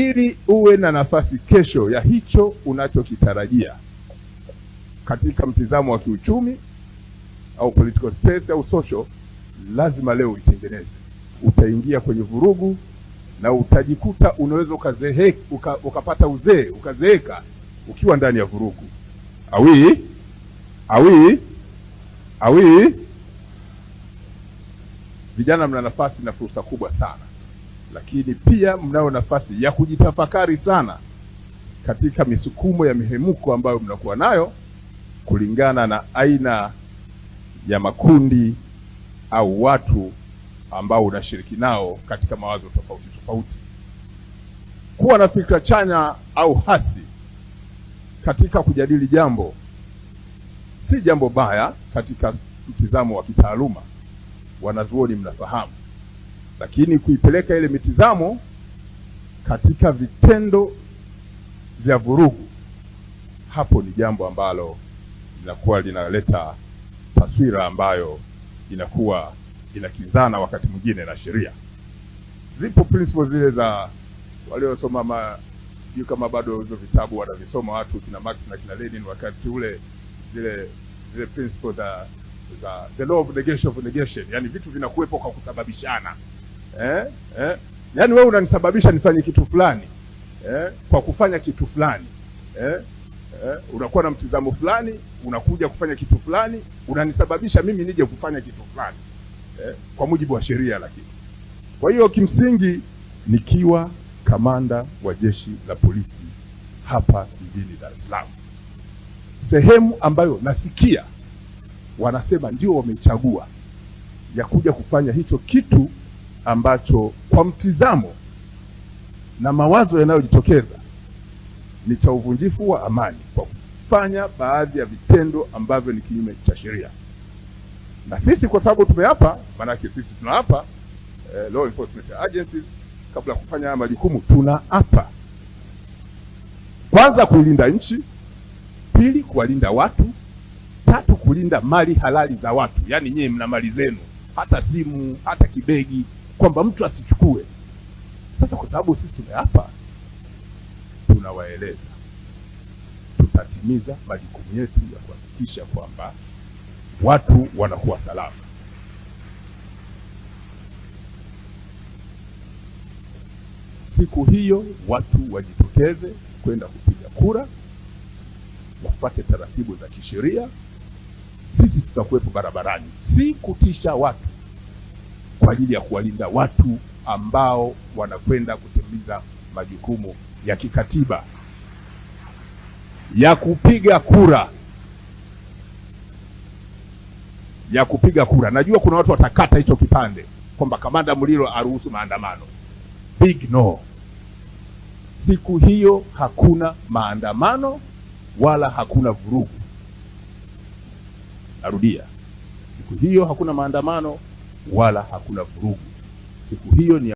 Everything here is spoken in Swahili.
ili uwe na nafasi kesho ya hicho unachokitarajia katika mtizamo wa kiuchumi au political space au social, lazima leo uitengeneze. Utaingia kwenye vurugu na utajikuta unaweza ukazehe, uka, ukapata uzee ukazeeka ukiwa ndani ya vurugu. awi awi awi, vijana mna nafasi na fursa kubwa sana lakini pia mnayo nafasi ya kujitafakari sana katika misukumo ya mihemuko ambayo mnakuwa nayo kulingana na aina ya makundi au watu ambao unashiriki nao katika mawazo tofauti tofauti. Kuwa na fikra chanya au hasi katika kujadili jambo si jambo baya katika mtizamo wa kitaaluma. Wanazuoni mnafahamu lakini kuipeleka ile mitizamo katika vitendo vya vurugu, hapo ni jambo ambalo linakuwa linaleta taswira ambayo inakuwa inakinzana wakati mwingine na sheria. Zipo principles zile za waliosoma ma sijui kama bado hizo vitabu wanavisoma watu kina Marx na kina Lenin, wakati ule zile zile principles za, za the law of negation of negation, yani vitu vinakuwepo kwa kusababishana eh, eh. Yaani wewe unanisababisha nifanye kitu fulani eh, kwa kufanya kitu fulani eh, eh. Unakuwa na mtizamo fulani, unakuja kufanya kitu fulani, unanisababisha mimi nije kufanya kitu fulani eh, kwa mujibu wa sheria. Lakini kwa hiyo kimsingi, nikiwa kamanda wa jeshi la polisi hapa jijini Dar es Salaam, sehemu ambayo nasikia wanasema ndio wamechagua ya kuja kufanya hicho kitu ambacho kwa mtizamo na mawazo yanayojitokeza ni cha uvunjifu wa amani kwa kufanya baadhi ya vitendo ambavyo ni kinyume cha sheria. Na sisi kwa sababu tumeapa, maanake sisi tunaapa eh, law enforcement agencies kabla ya kufanya haya majukumu tunaapa kwanza kuilinda nchi, pili kuwalinda watu, tatu kulinda mali halali za watu. Yaani nyie mna mali zenu, hata simu, hata kibegi kwamba mtu asichukue. Sasa kwa sababu sisi tumeapa, tunawaeleza tutatimiza majukumu yetu ya kuhakikisha kwamba watu wanakuwa salama. Siku hiyo watu wajitokeze kwenda kupiga kura, wafate taratibu za kisheria. Sisi tutakuwepo barabarani, si kutisha watu kwa ajili ya kuwalinda watu ambao wanakwenda kutimiza majukumu ya kikatiba ya kupiga kura ya kupiga kura. Najua kuna watu watakata hicho kipande kwamba kamanda Muliro aruhusu maandamano. Big no. Siku hiyo hakuna maandamano wala hakuna vurugu. Narudia, siku hiyo hakuna maandamano wala hakuna vurugu. Siku hiyo ni